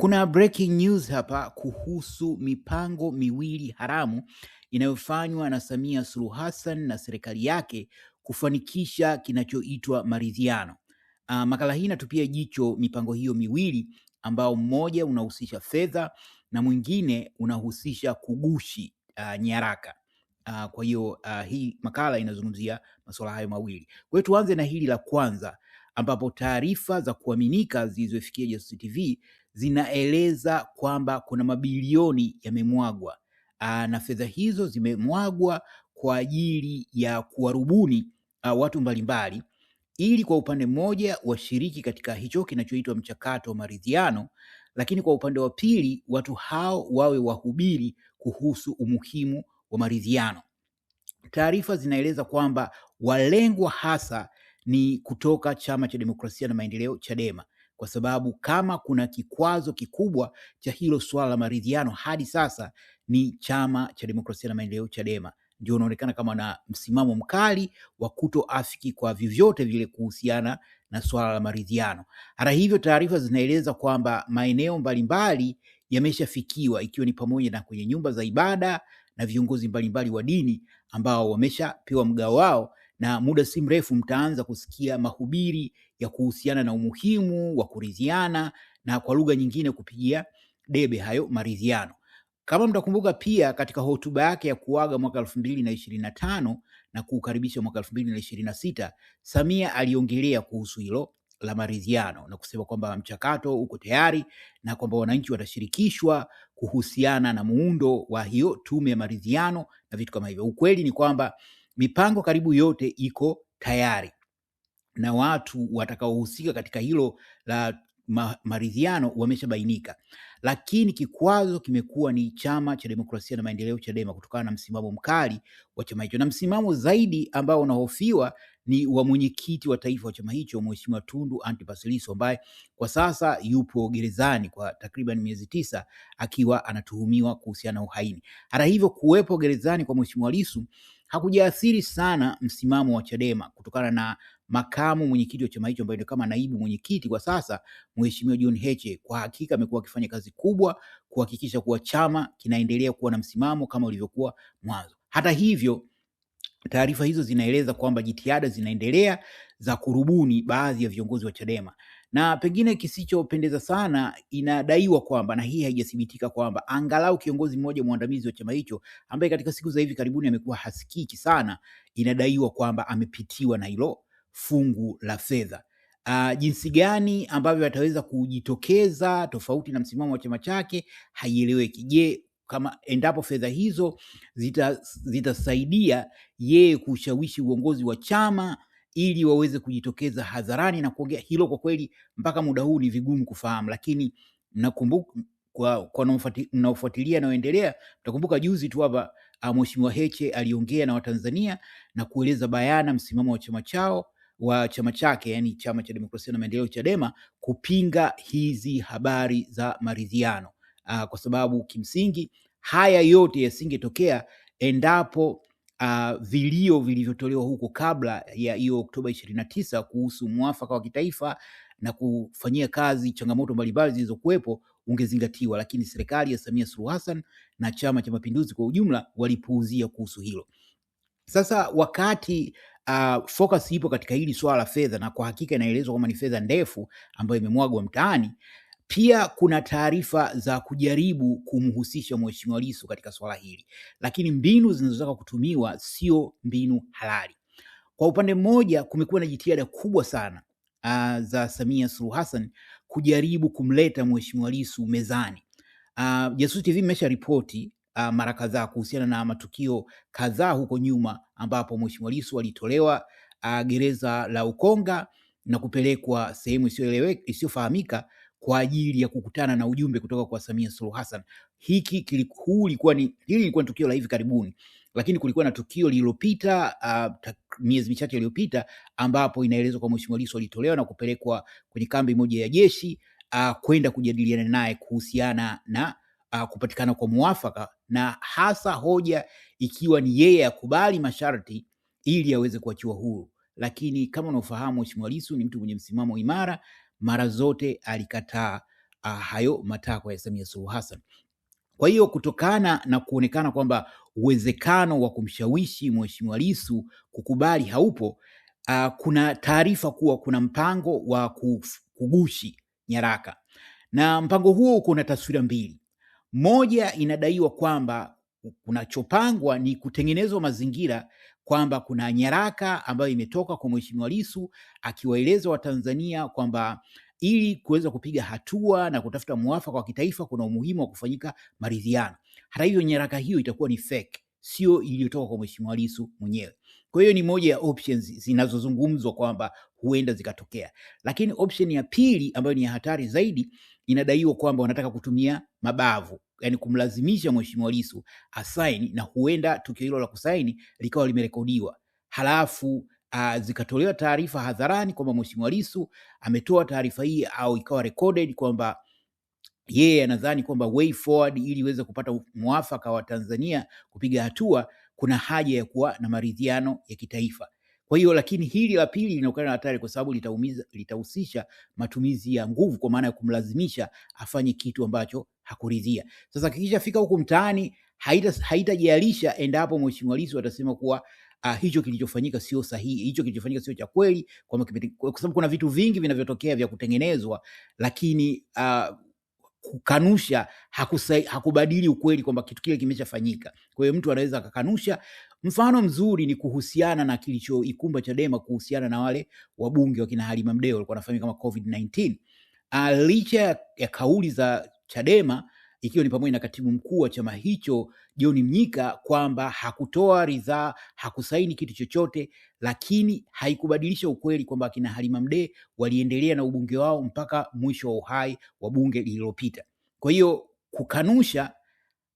Kuna breaking news hapa kuhusu mipango miwili haramu inayofanywa na Samia Suluhu Hassan na serikali yake kufanikisha kinachoitwa maridhiano. Uh, makala hii inatupia jicho mipango hiyo miwili ambao mmoja unahusisha fedha na mwingine unahusisha kugushi uh, nyaraka. Uh, kwa hiyo uh, hii makala inazungumzia masuala hayo mawili. Kwa hiyo tuanze na hili la kwanza ambapo taarifa za kuaminika zilizofikia Jasusi TV zinaeleza kwamba kuna mabilioni yamemwagwa na fedha hizo zimemwagwa kwa ajili ya kuwarubuni watu mbalimbali ili kwa upande mmoja washiriki katika hicho kinachoitwa mchakato wa maridhiano, lakini kwa upande wa pili watu hao wawe wahubiri kuhusu umuhimu wa maridhiano. Taarifa zinaeleza kwamba walengwa hasa ni kutoka Chama cha Demokrasia na Maendeleo, Chadema kwa sababu kama kuna kikwazo kikubwa cha hilo suala la maridhiano hadi sasa ni Chama cha Demokrasia na Maendeleo, Chadema, ndio unaonekana kama na msimamo mkali wa kutoafiki kwa vyovyote vile kuhusiana na suala la maridhiano. Hata hivyo, taarifa zinaeleza kwamba maeneo mbalimbali yameshafikiwa ikiwa ni pamoja na kwenye nyumba za ibada na viongozi mbalimbali wa dini ambao wameshapewa mgao wao na muda si mrefu mtaanza kusikia mahubiri ya kuhusiana na umuhimu wa kuridhiana na kwa lugha nyingine kupigia debe hayo maridhiano. Kama mtakumbuka pia katika hotuba yake ya kuaga mwaka elfu mbili na ishirini na tano na kuukaribisha mwaka elfu mbili na ishirini na sita Samia aliongelea kuhusu hilo la maridhiano na kusema kwamba mchakato uko tayari na kwamba wananchi watashirikishwa kuhusiana na muundo wa hiyo tume ya maridhiano na vitu kama hivyo. Ukweli ni kwamba mipango karibu yote iko tayari na watu watakaohusika katika hilo la maridhiano wameshabainika, lakini kikwazo kimekuwa ni Chama cha Demokrasia na Maendeleo, Chadema, kutokana na msimamo mkali wa chama hicho na msimamo zaidi ambao unahofiwa ni wa mwenyekiti wa taifa wa chama hicho Mheshimiwa Tundu Antipas Lissu ambaye kwa sasa yupo gerezani kwa takriban miezi tisa akiwa anatuhumiwa kuhusiana na uhaini. Hata hivyo, kuwepo gerezani kwa Mheshimiwa Lissu hakujaathiri sana msimamo wa Chadema kutokana na makamu mwenyekiti wa chama hicho ambaye ndio kama naibu mwenyekiti kwa sasa, Mheshimiwa John Heche, kwa hakika amekuwa akifanya kazi kubwa kuhakikisha kuwa chama kinaendelea kuwa na msimamo kama ulivyokuwa mwanzo. Hata hivyo Taarifa hizo zinaeleza kwamba jitihada zinaendelea za kurubuni baadhi ya viongozi wa Chadema na pengine kisichopendeza sana, inadaiwa kwamba na hii haijathibitika kwamba angalau kiongozi mmoja mwandamizi wa chama hicho ambaye katika siku za hivi karibuni amekuwa hasikiki sana, inadaiwa kwamba amepitiwa na hilo fungu la fedha. Uh, jinsi gani ambavyo ataweza kujitokeza tofauti na msimamo wa chama chake haieleweki. Je, kama endapo fedha hizo zitasaidia zita yeye kushawishi uongozi wa chama ili waweze kujitokeza hadharani na kuongea. Hilo kwa kweli mpaka muda huu ni vigumu kufahamu, lakini nakumbuka kwa, kwa mnaofuatilia naoendelea, mtakumbuka juzi tu hapa ah, Mheshimiwa Heche aliongea na Watanzania na kueleza bayana msimamo wa chama chao wa chama chake, yani Chama cha Demokrasia na Maendeleo, Chadema, kupinga hizi habari za maridhiano uh, kwa sababu kimsingi haya yote yasingetokea endapo uh, vilio vilivyotolewa huko kabla ya hiyo Oktoba ishirini na tisa kuhusu mwafaka wa kitaifa na kufanyia kazi changamoto mbalimbali zilizokuwepo ungezingatiwa, lakini serikali ya Samia Suluhu Hassan na Chama cha Mapinduzi kwa ujumla walipuuzia kuhusu hilo. Sasa wakati uh, focus ipo katika hili swala la fedha, na kwa hakika inaelezwa kwamba ni fedha ndefu ambayo imemwagwa mtaani. Pia kuna taarifa za kujaribu kumhusisha Mheshimiwa Lissu katika swala hili, lakini mbinu zinazotaka kutumiwa sio mbinu halali. Kwa upande mmoja, kumekuwa na jitihada kubwa sana uh, za Samia Suluhu Hassan kujaribu kumleta Mheshimiwa Lissu mezani. Uh, Jasusi TV imesha ripoti uh, mara kadhaa kuhusiana na matukio kadhaa huko nyuma ambapo Mheshimiwa Lissu alitolewa uh, gereza la Ukonga na kupelekwa sehemu isiyofahamika kwa ajili ya kukutana na ujumbe kutoka kwa Samia Suluhu Hassan. Hiki kilikuwa ni hili lilikuwa tukio la hivi karibuni, lakini kulikuwa na tukio lililopita uh, miezi michache iliyopita ambapo inaelezwa kwa Mheshimiwa Lissu alitolewa na kupelekwa kwenye kambi moja ya jeshi uh, kwenda kujadiliana naye kuhusiana na uh, kupatikana kwa muafaka na hasa hoja ikiwa ni yeye akubali masharti ili aweze kuachiwa huru, lakini kama unaofahamu Mheshimiwa Lissu ni mtu mwenye msimamo imara mara zote alikataa uh, hayo matakwa ya Samia Suluhu Hassan. Kwa hiyo kutokana na kuonekana kwamba uwezekano wa kumshawishi Mheshimiwa Lissu kukubali haupo, uh, kuna taarifa kuwa kuna mpango wa kugushi nyaraka, na mpango huo uko na taswira mbili. Moja inadaiwa kwamba kunachopangwa ni kutengenezwa mazingira kwamba kuna nyaraka ambayo imetoka kwa Mheshimiwa Lissu akiwaeleza Watanzania kwamba ili kuweza kupiga hatua na kutafuta mwafaka wa kitaifa kuna umuhimu wa kufanyika maridhiano. Hata hivyo, nyaraka hiyo itakuwa ni fake, sio iliyotoka kwa Mheshimiwa Lissu mwenyewe. Kwa hiyo ni moja ya options zinazozungumzwa kwamba huenda zikatokea, lakini option ya pili ambayo ni ya hatari zaidi, inadaiwa kwamba wanataka kutumia mabavu yani kumlazimisha Mheshimiwa Lissu asaini, na huenda tukio hilo la kusaini likawa limerekodiwa halafu uh, zikatolewa taarifa hadharani kwamba Mheshimiwa Lissu ametoa taarifa hii au ikawa recorded kwamba yeye yeah, anadhani kwamba way forward ili iweze kupata mwafaka wa Tanzania kupiga hatua, kuna haja ya kuwa na maridhiano ya kitaifa. Kwa hiyo lakini hili la pili linakuwa na hatari kwa sababu litahusisha matumizi ya nguvu, kwa maana ya kumlazimisha afanye kitu ambacho hakuridhia. Sasa kikisha fika huku mtaani haitajalisha haita endapo mheshimiwa Lissu atasema kuwa uh, hicho kilichofanyika sio sahihi, hicho kilichofanyika sio cha kweli, kwa sababu kuna vitu vingi vinavyotokea vya kutengenezwa, lakini uh, kukanusha hakusai, hakubadili ukweli kwamba kitu kile kimeshafanyika. Kwa hiyo mtu anaweza akakanusha. Mfano mzuri ni kuhusiana na kilichoikumba Chadema kuhusiana na wale wabunge wakina Halima Mdee walikuwa wanafahamika kama COVID-19. Uh, ah, licha ya kauli za Chadema ikiwa ni pamoja na katibu mkuu wa chama hicho John Mnyika kwamba hakutoa ridhaa, hakusaini kitu chochote, lakini haikubadilisha ukweli kwamba akina Halima Mdee waliendelea na ubunge wao mpaka mwisho wa uhai wa bunge lililopita. Kwa hiyo kukanusha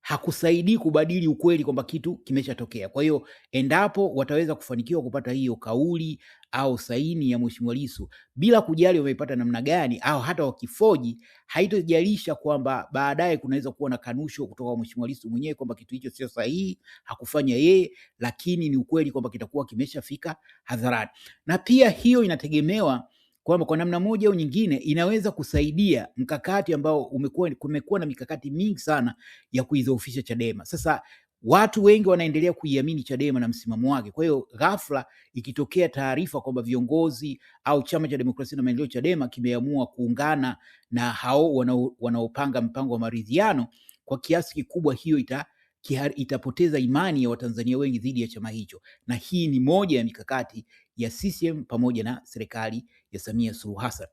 hakusaidii kubadili ukweli kwamba kitu kimeshatokea. Kwa hiyo endapo wataweza kufanikiwa kupata hiyo kauli au saini ya Mheshimiwa Lissu bila kujali wameipata namna gani, au hata wakifoji, haitojalisha kwamba baadaye kunaweza kuwa na kanusho kutoka kwa Mheshimiwa Lissu mwenyewe kwamba kitu hicho sio sahihi, hakufanya yeye, lakini ni ukweli kwamba kitakuwa kimeshafika hadharani. Na pia hiyo inategemewa kwamba kwa namna moja au nyingine inaweza kusaidia mkakati ambao umekuwa, kumekuwa na mikakati mingi sana ya kuidhoofisha Chadema. Sasa watu wengi wanaendelea kuiamini Chadema na msimamo wake. Kwa hiyo ghafla ikitokea taarifa kwamba viongozi au chama cha demokrasia na maendeleo Chadema kimeamua kuungana na hao wanaopanga mpango wa maridhiano, kwa kiasi kikubwa hiyo ita kihar, itapoteza imani ya Watanzania wengi dhidi ya chama hicho, na hii ni moja ya mikakati ya CCM pamoja na serikali ya Samia Suluhu Hassan.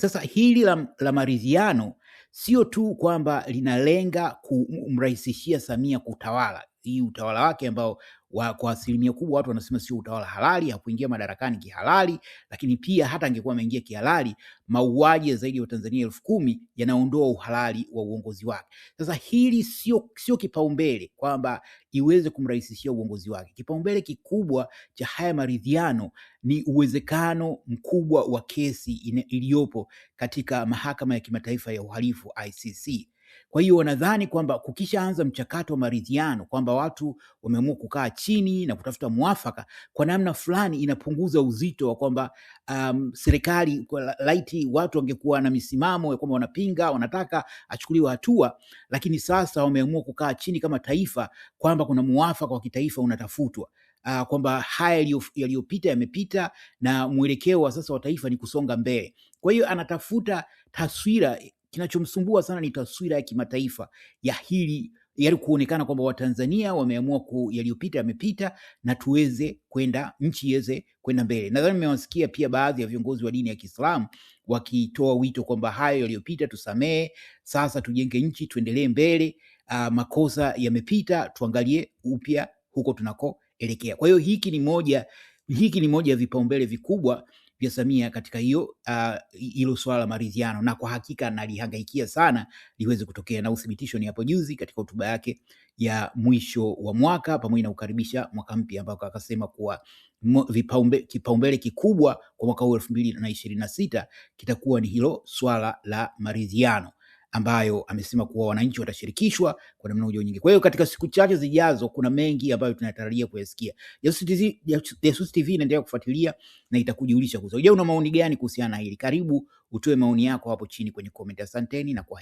Sasa hili la, la maridhiano sio tu kwamba linalenga kumrahisishia Samia kutawala hii utawala wake ambao wa, kwa asilimia kubwa watu wanasema sio utawala halali, hakuingia madarakani kihalali, lakini pia hata angekuwa ameingia kihalali, mauaji zaidi ya Watanzania elfu kumi yanaondoa uhalali wa uongozi wake. Sasa hili sio sio kipaumbele kwamba iweze kumrahisishia uongozi wake. Kipaumbele kikubwa cha haya maridhiano ni uwezekano mkubwa wa kesi iliyopo katika mahakama ya kimataifa ya uhalifu ICC. Kwa hiyo wanadhani kwamba kukishaanza mchakato wa maridhiano kwamba watu wameamua kukaa chini na kutafuta mwafaka, kwa namna fulani inapunguza uzito wa kwamba um, serikali kwa laiti watu wangekuwa na misimamo ya kwamba wanapinga, wanataka achukuliwe hatua, lakini sasa wameamua kukaa chini kama taifa kwamba kuna mwafaka wa kitaifa unatafutwa. Uh, kwamba haya yaliyopita yamepita na mwelekeo wa sasa wa taifa ni kusonga mbele. Kwa hiyo anatafuta taswira kinachomsumbua sana ni taswira ya kimataifa ya hili yali kuonekana kwamba Watanzania wameamua ku yaliyopita yamepita na tuweze kwenda nchi iweze kwenda mbele. Nadhani mmewasikia pia baadhi ya viongozi wa dini ya Kiislamu wakitoa wito kwamba hayo yaliyopita tusamehe, sasa tujenge nchi, tuendelee mbele. Aa, makosa yamepita, tuangalie upya huko tunakoelekea. Kwa hiyo hiki ni moja hiki ni moja ya vipaumbele vikubwa vya Samia katika hiyo ah, hilo uh, swala la maridhiano, na kwa hakika analihangaikia sana liweze kutokea, na uthibitisho ni hapo juzi katika hotuba yake ya mwisho wa mwaka pamoja na kukaribisha mwaka mpya, ambako akasema kuwa kipaumbele kikubwa kwa mwaka huu elfu mbili na ishirini na sita kitakuwa ni hilo swala la maridhiano ambayo amesema kuwa wananchi watashirikishwa kwa namna moja nyingine. Kwa hiyo katika siku chache zijazo, kuna mengi ambayo tunatarajia kuyasikia. Jasusi TV inaendelea kufuatilia na itakujulisha kuhusu. Je, una maoni gani kuhusiana na hili? Karibu utoe maoni yako hapo chini kwenye comment. Asanteni na kwa